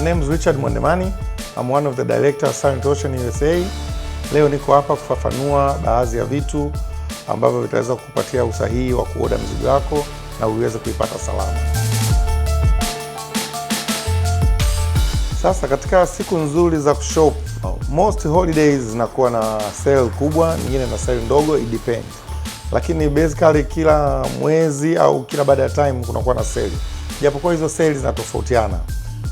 My name is Richard Mwandemani. I'm one of the directors of Silent Ocean USA. Leo niko hapa kufafanua baadhi ya vitu ambavyo vitaweza kukupatia usahihi wa kuoda mizigo yako na uweze kuipata salama. Sasa katika siku nzuri za kushop, most holidays zinakuwa na sale kubwa, nyingine na sale ndogo, it depends. Lakini basically kila mwezi au kila baada ya time kunakuwa na sale, japokuwa hizo sale zinatofautiana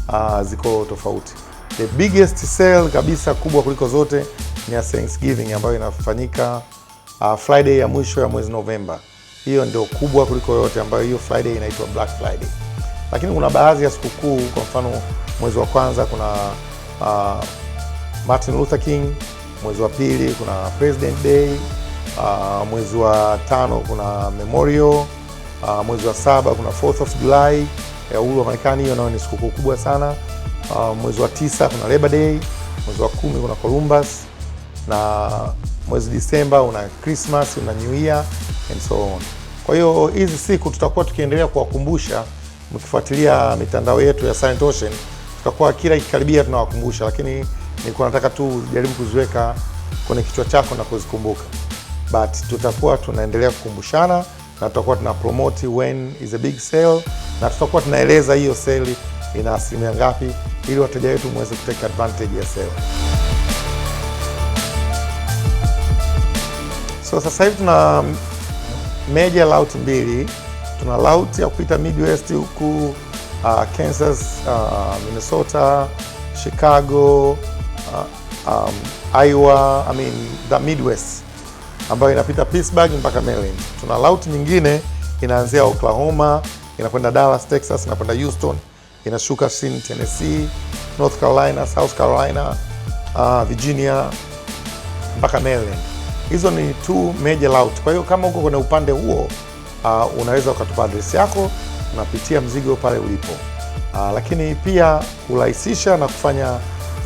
uh, ziko tofauti. The biggest sale kabisa kubwa kuliko zote ni ya Thanksgiving ambayo inafanyika uh, Friday ya mwisho ya mwezi Novemba. Hiyo ndio kubwa kuliko yote, ambayo hiyo Friday inaitwa Black Friday. Lakini kuna baadhi ya sikukuu, kwa mfano mwezi wa kwanza kuna uh, Martin Luther King, mwezi wa pili kuna President Day, uh, mwezi wa tano kuna Memorial, uh, mwezi wa saba kuna 4th of July ya uhuru wa Marekani. Hiyo nayo ni sikukuu kubwa sana. Uh, mwezi wa tisa kuna Labor Day, mwezi wa kumi kuna Columbus na mwezi Disemba una Christmas, una New Year and so on. Kwa hiyo hizi siku tutakuwa tukiendelea kuwakumbusha, mkifuatilia mitandao yetu ya Silent Ocean, tutakuwa kila ikikaribia tunawakumbusha, lakini nilikuwa nataka tu jaribu kuziweka kwenye kichwa chako na kuzikumbuka, but tutakuwa tunaendelea kukumbushana na tutakuwa tuna promote when is a big sale na tutakuwa tunaeleza hiyo seli ina asilimia ngapi, ili wateja wetu mweze kutake advantage ya seli. So sasa hivi tuna meja laut mbili, tuna laut ya kupita Midwest huku uh, Kansas, uh, Minnesota, Chicago, uh, um, Iowa, I mean the Midwest ambayo inapita Pittsburgh mpaka Maryland. Tuna laut nyingine inaanzia Oklahoma inakwenda Dallas, Texas, inakwenda Houston, inashuka sin Tennessee, North Carolina, South Carolina, uh, Virginia mpaka Maryland. Hizo ni two major route. Kwa hiyo kama uko kwenye upande huo uh, unaweza ukatupa adresi yako, unapitia mzigo pale ulipo. Uh, lakini pia kurahisisha na kufanya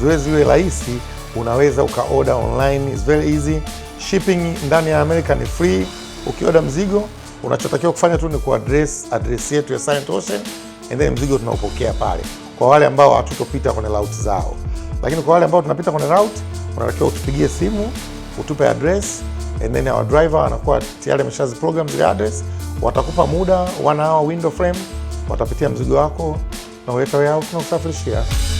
zoezi liwe rahisi, unaweza ukaorder online, it's very easy. Shipping ndani ya Amerika ni free ukioda mzigo Unachotakiwa kufanya tu ni kuaddress address yetu ya Silent Ocean and then mzigo tunaopokea pale, kwa wale ambao hatutopita kwenye route zao. Lakini kwa wale ambao tunapita kwenye route, unatakiwa utupigie simu, utupe address and then our driver anakuwa tayari ameshazi program zile address, watakupa muda one hour window frame, watapitia mzigo wako na uleta warehouse na kusafirishia.